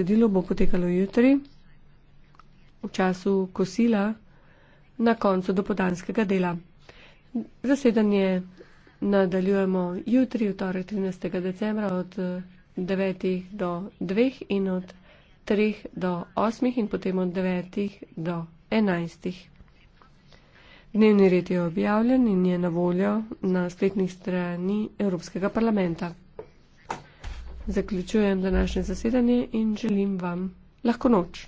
Sedilo bo potekalo jutri, v času kosila, na koncu dopodanskega dela. Zasedanje nadaljujemo jutri, v torek 13. decembra, od 9. do 2. in od 3. do 8. in potem od 9. do 11. Dnevni red je objavljen in je na voljo na spletnih strani Evropskega parlamenta. Zaključujem današnje zasedanje in želim vam lahko noč.